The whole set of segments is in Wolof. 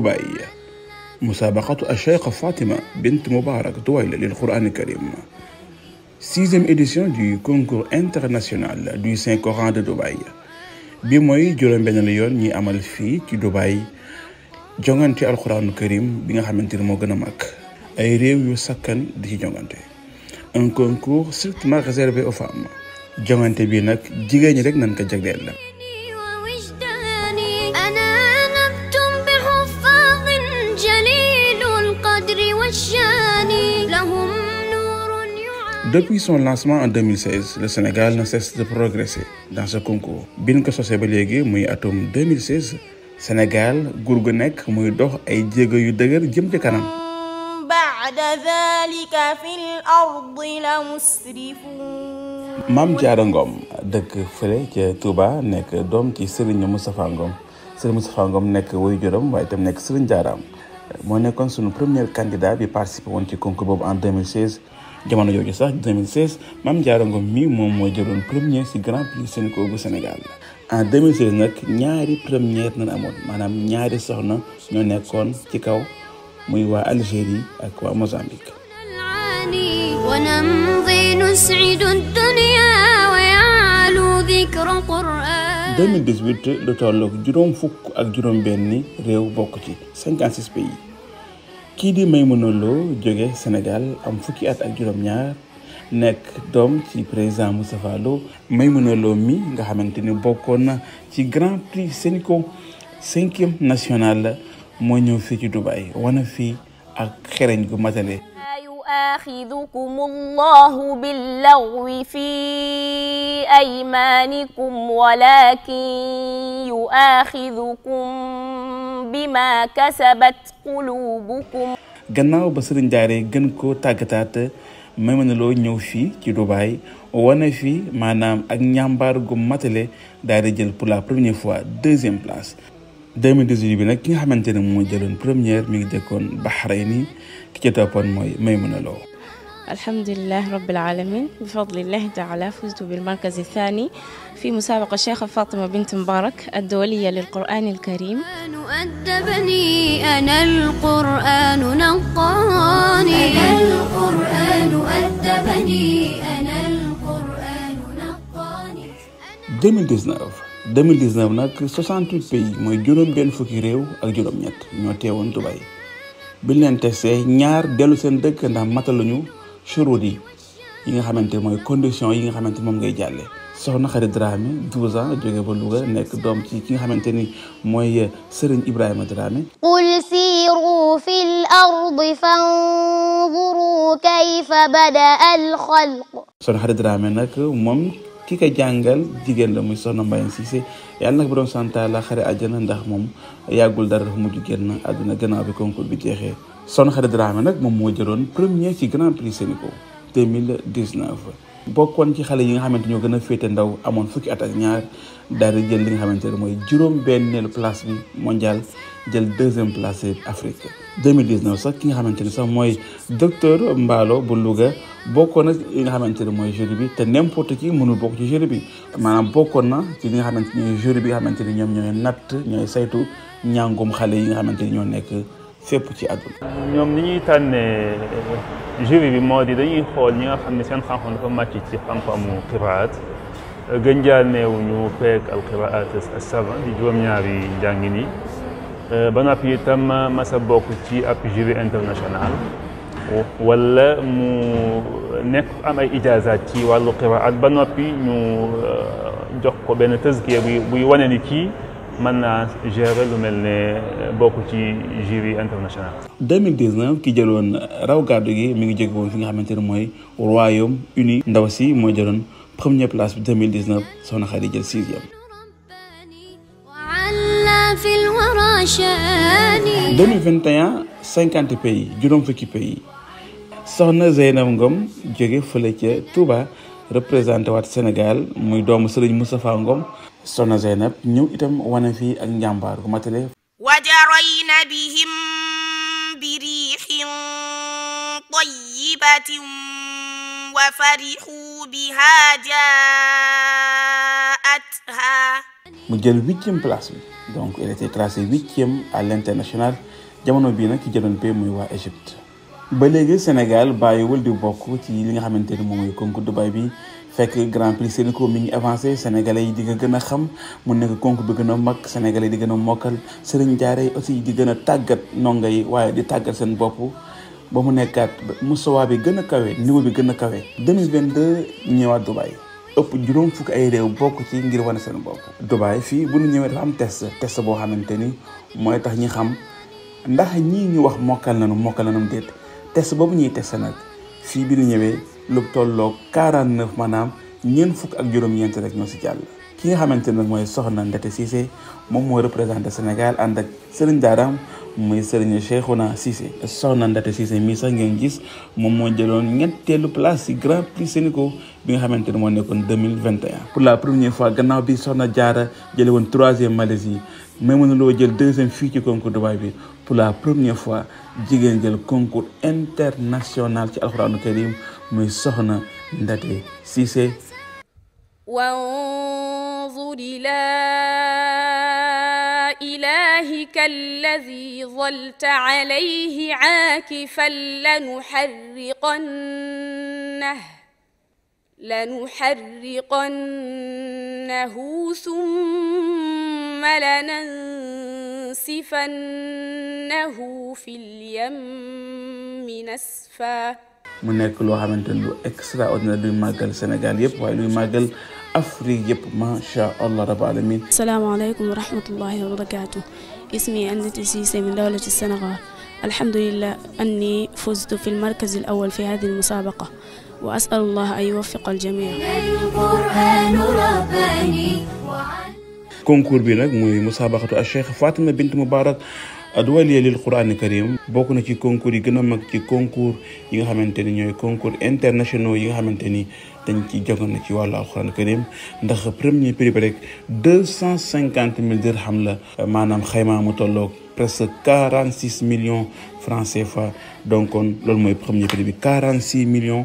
دبي مسابقة الشيخة فاطمة بنت مبارك دويلة للقرآن الكريم 6e édition du concours international du Saint Coran de Dubaï bi mooy juróom-benn yoon ñi amal fii ci Dubaï jongante alxuraanu karim bi nga xamante ni moo gën a mag ay réew yu sakkan di ci jongante un concours strictement réservé aux femmes jongante bi nag jigéen ñi rek nañ ko jagleel la Depuis son lancement en 2016, le Sénégal ne cesse de progresser dans ce concours. Bien ko ce ba léegi muy atum 2016 Sénégal gur gu et muy dox ay jéego yu dëgër Diarangom, ci kanam. Maam Diarra Ngom dëkk fële ca Touba nekk doom ci Serigne Moustapha Ngom Serigne Moustapha Ngom nekk wuyu juróom waaye itam nekk Serigne premier candidat bi participé woon ci concours Bob en 2016 jamono jooju sax 2016 mam Diarra Ngom mi moom moo jëloon premier si grand prix Sénégal Sénégal en 2016 nag ñaari première na amoon maanaam ñaari soxna ñoo nekkoon ci kaw muy Algérie ak Mozambique 2018 tolloog juróom fukk ak juróom benni réew bokk ci 56 pays kii di Maimouna Lo jóge Sénégal am fukki at ak juróom-ñaar nekk doom ci président Moustapha may Maimouna Lo mi nga xamante ni bokkoon na ci Grand Prix Sénico cinquième national moo ñëw fii ci Dubaï wana fii ak xereñ gu matale يؤاخذكم الله باللغو في أيمانكم ولكن يؤاخذكم بما كسبت قلوبكم غناو بصر نداري غنكو تاكتات ميمن لو نيو في دبي وانا في مانام اك نيامبار غو ماتلي داري جيل بور لا فوا دوزيام بلاس 2018 بي نك كي خامتاني مو جيلون بروميير ميغي ديكون بحريني ki toppoon mooy الحمد لله رب العالمين بفضل الله تعالى فزت بالمركز الثاني في مسابقة الشيخة فاطمة بنت مبارك الدولية للقرآن الكريم أدبني أنا القرآن نقاني أنا القرآن أدبني أنا القرآن نقاني 2019 2019 nag 68 بي mooy juróom benn fukki réew ak juróom نيت ñoo teewoon Dubai biñ leen tesee ñaar dellu seen dëkk ndax mataluñu churut yi yi nga xamante mooy condition yi nga xamante moom ngay jàlle soxna Khady Dramé 12 ans jóge ba Louga nekk doom ci ki nga xamante ni mooy Serigne Ibrahima Dramé qul siiru fi l ardi fanzuru kayfa bada al xalq soxna Khady Dramé nag moom ki ko jàngal jigéen la muy soxna Mbayang Cissé yàlla nag borom santa la xare àjjana ndax moom yàggul dara dafa mujj génn àdduna gannaaw bi concours bi jeexee Sokhna Khady Dramé nag moom moo jëloon premier ci Grand Prix Sénégal 2019 bokkoon ci xale yi nga xamante ñoo gën a féete ndaw amoon fukki at ñaar daal di jël li nga xamante ne mooy juróom benn place bi mondial jël deuxième place Afrique 2019 sax ki nga xamante ni sax mooy docteur mbaalo bu Louga bokkoon na yi nga xamante ne mooy jury bi te n'importe ci mënul bokk ci jury bi maanaam bokkoon na ci li nga xamante ni jury bi nga xamante ni ñoom ñooy natt ñooy saytu ñàngum xale yi nga xamante ni ñoo nekk. fépp ci àdduna ñoom ni ñuy tànnee euh, jury bi moo di dañuy xool ñi nga xam ne seen xam-xam dafa ci xam-xamu qiraat gën jaa neewuñu peeg al qiraat as-saba di juróom-ñaari njàngin yi euh, ba noppi itam ma bokk ci ab jury international wala mu nekk am ay ijaazaat ci wàllu qiraat ba noppi ñu euh, jox ko benn tazkiya buy buy wane man naa gérer lu mel ne euh, bokk ci jury international. 2019 ki jëloon euh, raw gàddu gi mi ngi jóge woon fi nga xamante ne mooy royaume uni. ndaw si moo jëloon première place bi 2019 soxna Khady jël sixième. 2021 50 pays juróom fukki pays soxna Zeynab Ngom jóge fële ca Touba représenté waat Sénégal muy doomu Serigne Moustapha Ngom. soxna Zeynab ñëw itam wane fii ak njàmbaar gu matale wajarayna bihim biriixin tayyibatin wa farixu biha jaatha mu jël huitième place bi donc il était classé huitième à l'international jamono bii nag ki jëloon pay muy waa Égypte ba léegi Sénégal bàyyiwul di bokk ci li nga xamante ni moom mooy concours Dubaï bi fekk Grand Prix Sénico mi ngi avancé sénégalais yi di gën a xam mu nekk concours bi gën a mag sénégalais di gën a mokkal sëriñ daara yi aussi di gën a tàggat ndongo yi waaye di tàggat seen bopp ba mu nekkaat musawa bi gën a kawe niveau bi gën a kawe. 2022 ñëwaat Dubaï ëpp juróom fukki ay réew bokk ci ngir wane seen bopp. Dubaï fii bu ñu ñëwee dafa am test test boo xamante ni mooy tax ñi xam ndax ñii ñu wax mokkal nañu mokkal nañu déet test boobu ñuy test nag fii bi nu ñëwee. lu tolloog 49 maanaam ñeent fukk ak juróom-ñeent rek ñoo si jàll. ki nga xamante ne mooy Soxna Ndete Cissé moom mooy représenté Sénégal ànd ak Serigne Daaraam muy Serigne Cheikhouna Cissé. Soxna Ndete Cissé mii sax ngeen gis moom moo jëloon ñetteelu place si Grand Prix Sénico bi nga xamante ne moo nekkoon vingt 2021. pour la première fois gannaaw bi Soxna jaara jële woon troisième Malaisie. Maimouna Lo jël deuxième fii ci concours de Dubaï bi pour la première fois jigéen jël concours international ci alxuraanu karim muy soxna Ndaté si c'est Cissé وانظر إلى إلهك الذي ظلت عليه عاكفا لنحرقنه لنحرقنه ثم لننسفنه في اليم نسفا mu nekk loo xamante ni lu extraordinaire luy màggal Sénégal yëpp waaye luy màggal Afrique yëpp macha allah rabbi alamin salaamaaleykum wa rahmatullahi wa barakaatu ismi andati si أنزة سيسي من دولة السنغال الحمد لله أني فزت في المركز الأول في هذه المسابقة وأسأل الله أن يوفق الجميع كونكور بي نك موي مسابقه الشيخ فاطمه بنت مبارك الدوليه للقران الكريم بوكو نتي كونكور يي غنا ماك تي كونكور ييغا خامتاني نيو كونكور انترناسيونال ييغا خامتاني دنج تي جوغن نتي والا القران الكريم ندخ بريمي بري بريك 250000 درهم لا مانام خيما مو تولوك بريس 46 مليون فرانسي فا دونك لول موي بريمي بري 46 مليون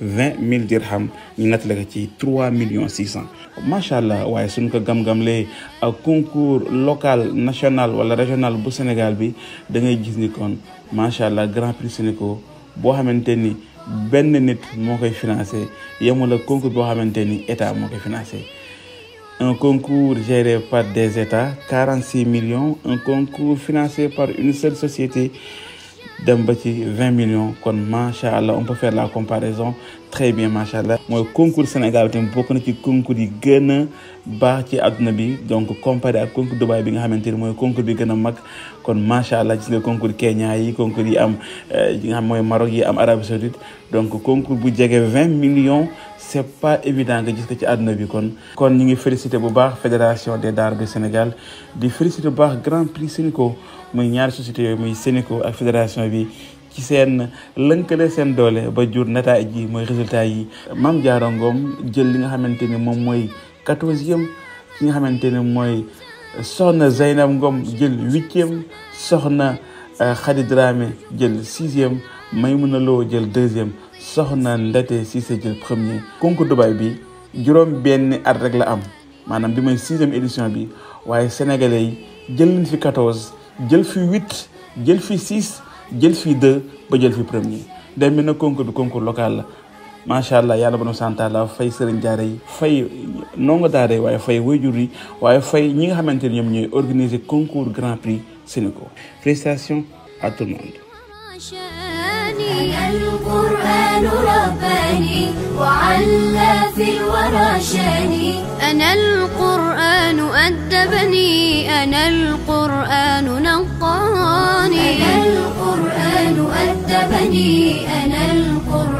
20 000 dirhams, nous avons 3 ci millions 600. si ouais, allah waaye ko concours local national ou régional au Sénégal bi da ngay que ni grand prix Sénéco boo xamante ni benn nit moo financé yemul concours boo xamante ni état financé. un concours géré par des États, 46 millions, un concours financé par une seule société, dem ba ci vingt millions kon macha allah on peut faire la comparaison très bien machallah moy concours Sénégal bi bokk na ci concours yi gëna a baax ci aduna bi donc comparé ak concours dubai bi nga xamanteni moy concours bi gëna a mag kon machallah allah gis nga concours Kenya yi concours yi am euh, yi nga xam Maroc yi am Arabie Saoudite donc concours bu jege 20 millions C'est pas évident nga gis ko ci aduna bi kon. kon ñi ngi féliciter bu baax fédération des daara du Sénégal di féliciter bu baax grand prix Sénico muy ñaari société yooyu muy Sénico ak fédération bi. ci seen lënkale seen doole ba jur nataay ji mooy résultat yi Mame Diarra ngoom jël li nga xamante ni moom mooy quatorzième ki nga xamante ni mooy soxna Zeynab Ngom jël huitième soxna euh, Khady Dramé jël sixième Maïmouna Lo jël deuxième soxna Ndate Cissé jël premier concours Dubaï bi juróom benn at rek la am maanaam bi mooy sixième édition bi waaye sénégalais yi jël nañ fi quatorze jël fi huit jël fi six jël fii deux ba jël fi premier day mel ne concours bi concours local la macha allah yàlla bana santaala fay sëriñ daara fay nongo daara yi waaye fay wayjur waaye fay ñi nga xamante ne ñoom ñooy organiser concours grand prix Sénégal félicitations à tout le monde بني أنا القرآن